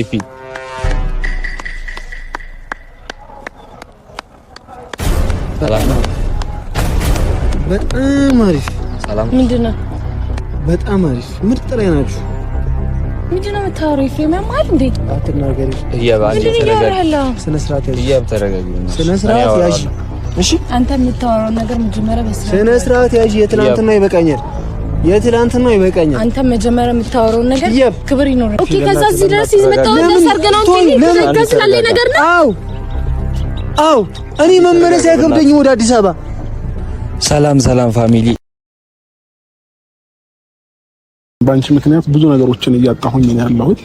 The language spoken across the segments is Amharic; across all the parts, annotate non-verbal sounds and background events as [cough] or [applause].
Enfim. ሰላም በጣም አሪፍ። ሰላም ምንድን ነው? በጣም አሪፍ ምርጥ ላይ ናችሁ። ምንድን ነው የምታወራው? ኤፍሬም ያማል እንዴ? አትናገሪ። ስነ ስርዓት ያዥ። እሺ አንተ የምታወራውን ነገር መጀመሪያ በስነ ስርዓት ያዥ። የትናንትና ይበቃኛል የትላንትና ይበቃኛል። አንተ መጀመሪያ የምታወራውን ነገር ክብር ይኖር። ኦኬ፣ ከዛ እዚህ ድረስ ይመጣው ለሰርገናው ነገር ነው። አዎ፣ አዎ። እኔ መመለስ ያከብደኝ ወደ አዲስ አበባ። ሰላም፣ ሰላም ፋሚሊ። ባንቺ ምክንያት ብዙ ነገሮችን እያጣሁኝ ነው ያለሁት።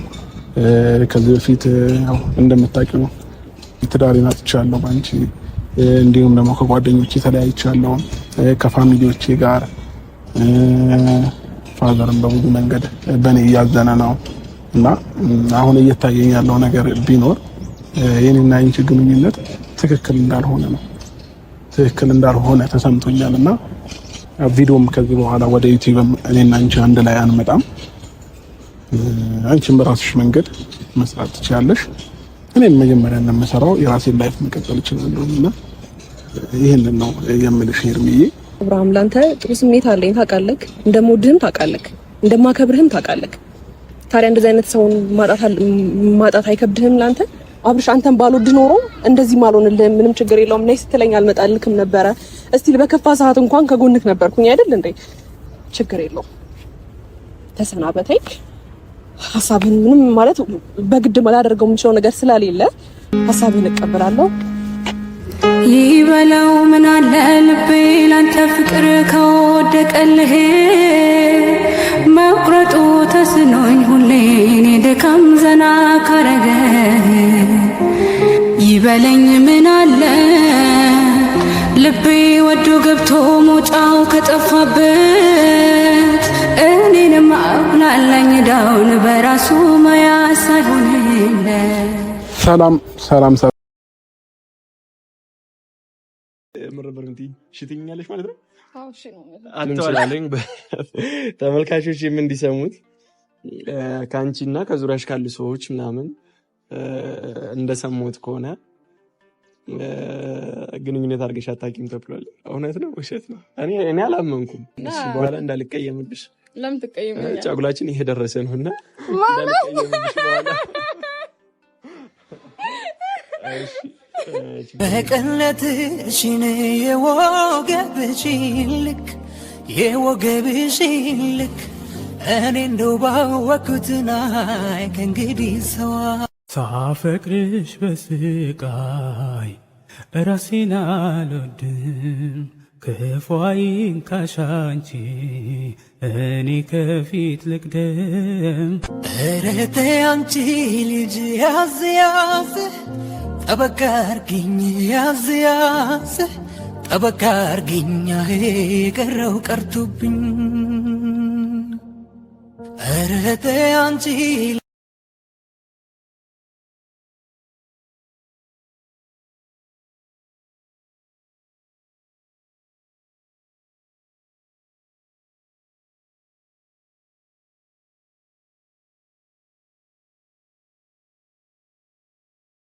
ከዚህ በፊት እንደምታውቂው ነው ትዳሬን አጥቻለሁ ባንቺ። እንዲሁም ደግሞ ከጓደኞቼ ተለያይቻለሁ ከፋሚሊዎቼ ጋር ፋዘርን በብዙ መንገድ በእኔ እያዘነ ነው እና አሁን እየታየኝ ያለው ነገር ቢኖር የኔና አንቺ ግንኙነት ትክክል እንዳልሆነ ነው። ትክክል እንዳልሆነ ተሰምቶኛል እና ቪዲዮም ከዚህ በኋላ ወደ ዩቲዩብም እኔና አንቺ አንድ ላይ አንመጣም። አንቺም በራስሽ መንገድ መስራት ትችላለሽ። እኔም መጀመሪያ እንደምሰራው የራሴን ላይፍ መቀጠል እችላለሁ እና ይህንን ነው የምልሽ ሄርሚዬ። አብርሃም ላንተ ጥሩ ስሜት አለኝ ታውቃለህ። እንደምወድህም ታውቃለህ፣ እንደማከብርህም ታውቃለህ። ታዲያ እንደዚህ አይነት ሰውን ማጣት አይከብድህም ላንተ? አብርሽ አንተን ባልወድ ኖሮ እንደዚህ አልሆንልህም። ምንም ችግር የለውም ነይ ስትለኝ አልመጣልክም ነበረ። እስቲ በከፋ ሰዓት እንኳን ከጎንክ ነበርኩኝ አይደል እንዴ? ችግር የለውም ተሰናበተኝ። ሀሳብህን ምንም ማለት በግድ ላደርገው የምችለው ነገር ስላሌለ ሀሳብህን እቀበላለሁ። ይበለው ሊበላው ምናለ ልቤ ላንተ ፍቅር ከወደቀልህ መቁረጡ ተስኖኝ ሁሌኔ ድካም ዘና ካረገህ ይበለኝ ምናለ ልቤ ወዶ ገብቶ ሞጫው ከጠፋበት እኔንም አቁላለኝ ዳውን በራሱ መያዝ ሳይሆንለ ሰላም ሰላም ጀምር ነበር የምትይኝ ሽትኛለሽ ማለት ነው። አንችላለኝ ተመልካቾች የምን እንዲሰሙት ከአንቺ እና ከዙሪያሽ ካሉ ሰዎች ምናምን እንደሰሙት ከሆነ ግንኙነት አድርገሽ አታውቂም ተብሏል። እውነት ነው ውሸት ነው? እኔ አላመንኩም። በኋላ እንዳልቀየምብሽ ለምን ጫጉላችን ይሄ ደረሰ ነው እና እንዳልቀየምብሽ በኋላ [laughs] በቀለትሽን የወገብሽን ልክ የወገብሽን ልክ እኔ እንደው ባወኩትናይ ከእንግዲህ ሰዋ ሳፈቅርሽ በስቃይ ራሴን አልወድም ክፏይን ካሻንቺ እኔ ከፊት ልቅደም እረቴ አንቺ ልጅ ያዝ ያዝ ጠበቃ አርግኝ ያዝ ያዝ ጠበቃ አርግኛ የቀረው ቀርቶብኝ ኧረ አንቺ